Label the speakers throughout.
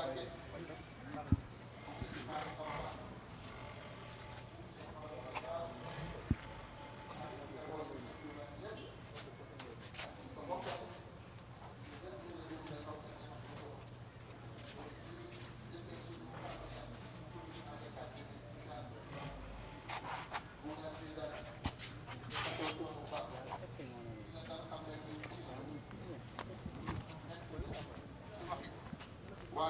Speaker 1: Thank you. mu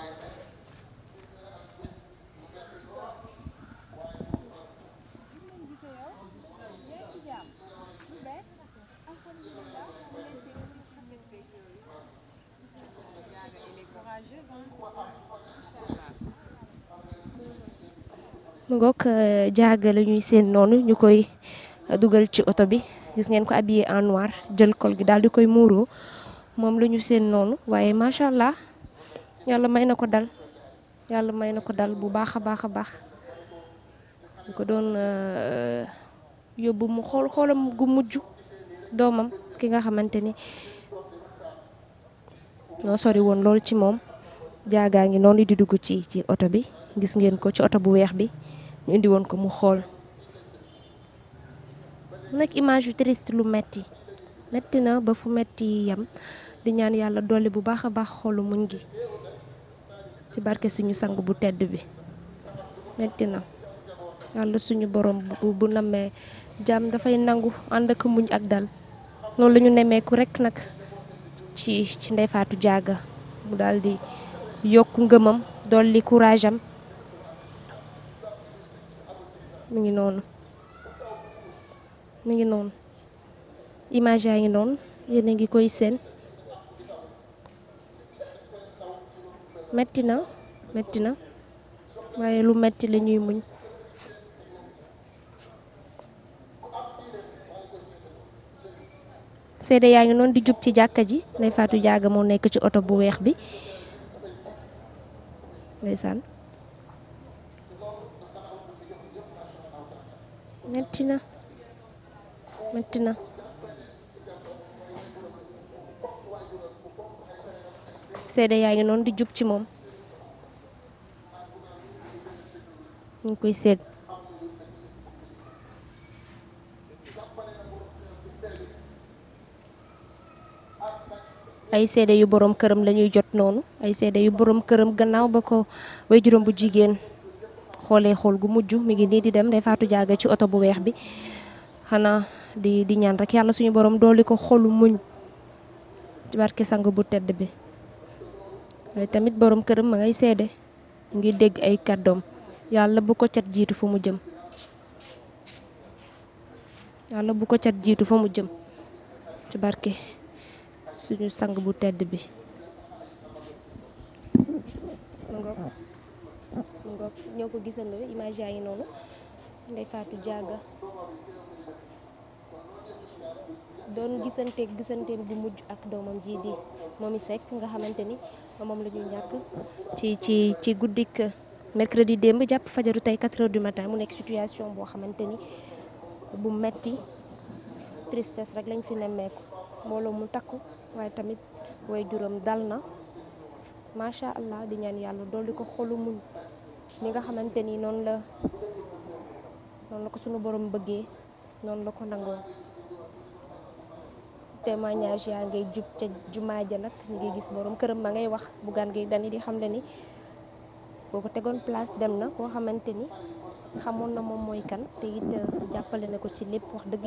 Speaker 1: ngoog euh, jaaga la ñuy seen noonu ñu koy dugal ci oto bi gis ngeen ko habillé en noir jël col gi daal di koy muuroo moom lañu ñu seen noonu waaye macha allah. yalla may nako dal yalla may nako dal bu baakha baakha baax ko euh, mu xool gu mujju domam ki nga xamanteni ni sori won lol ci mom jaaga ngi noonu di dugg ci ci auto bi gis ngeen ko ci auto bu weex bi ñu indi won ko mu xol image triste lu metti metti na ba fu metti yam di ñaan yalla doli bu baakha xolu muñ gi ci barke suñu sangu bu tedd bi metti na yàlla suñu borom bu bu nammee jàmm dafay nangu ànd ak muñ ak dal noonu la nemmeeku rekk nag ci ci Ndeye Fatou mu daldi yokk ngëmam dolli courage mu mi ngi noonu mi ngi noonu image yaa ngi noonu yéen ngi koy seen metti na metti na waaye lu metti la ñuy muñ seede yaa ngi noon di jub ci jàkka ji nday faatu jaaga moo nekk ci oto bu weex bi ndeysaan metti na metti na seede yaa ngi noonu di jub ci moom ñu ngi koy seet ay seede yu boroom këram la jot noonu ay seede yu boroom këram gannaaw ba ko way juróom bu jigéen xoolee xool gu mujj mi ngi nii di dem day faatu jaaga ci oto bu weex bi xanaa di di ñaan rek yàlla suñu borom dooli ko xolu muñ ci barke sang bu tedd bi waaye tamit boroom këram ma ngay seede mu ngi dégg ay kàddoom yàlla bu ko yàlla bu ko cat jiitu fa mu jëm ci barke suñu sang bu tedd bi mu ngoog mu ko gisandoo image yaa ngi noonu Ndeye Fatou Diaga doon gisanteeg gisanteem bu mujj ak doomam jii di Momy Seck nga xamante ni moom la ñuy ñàkk ci ci ci guddik mercredi démb jàpp fajaru tey 4 heures du matin mu nekk situation boo xamante ni bu metti tristesse rek lañ fi nemmeeku mbooloo mu takku waaye tamit way juróom dal na macha allah di ñaan yàlla dolli ko xolu muñ ni nga xamante ni noonu la noonu la ko sunu borom bëggee noonu la ko nangoo. témoignage yaa ngay jub ca jumaa ja nag ñu ngi gis boroom këram ma ngay wax Bougane Gueye Dany di xam le ni boo ko tegoon place dem na koo xamante ni xamoon na moom mooy kan te it jàppale na ko ci lépp wax dëgg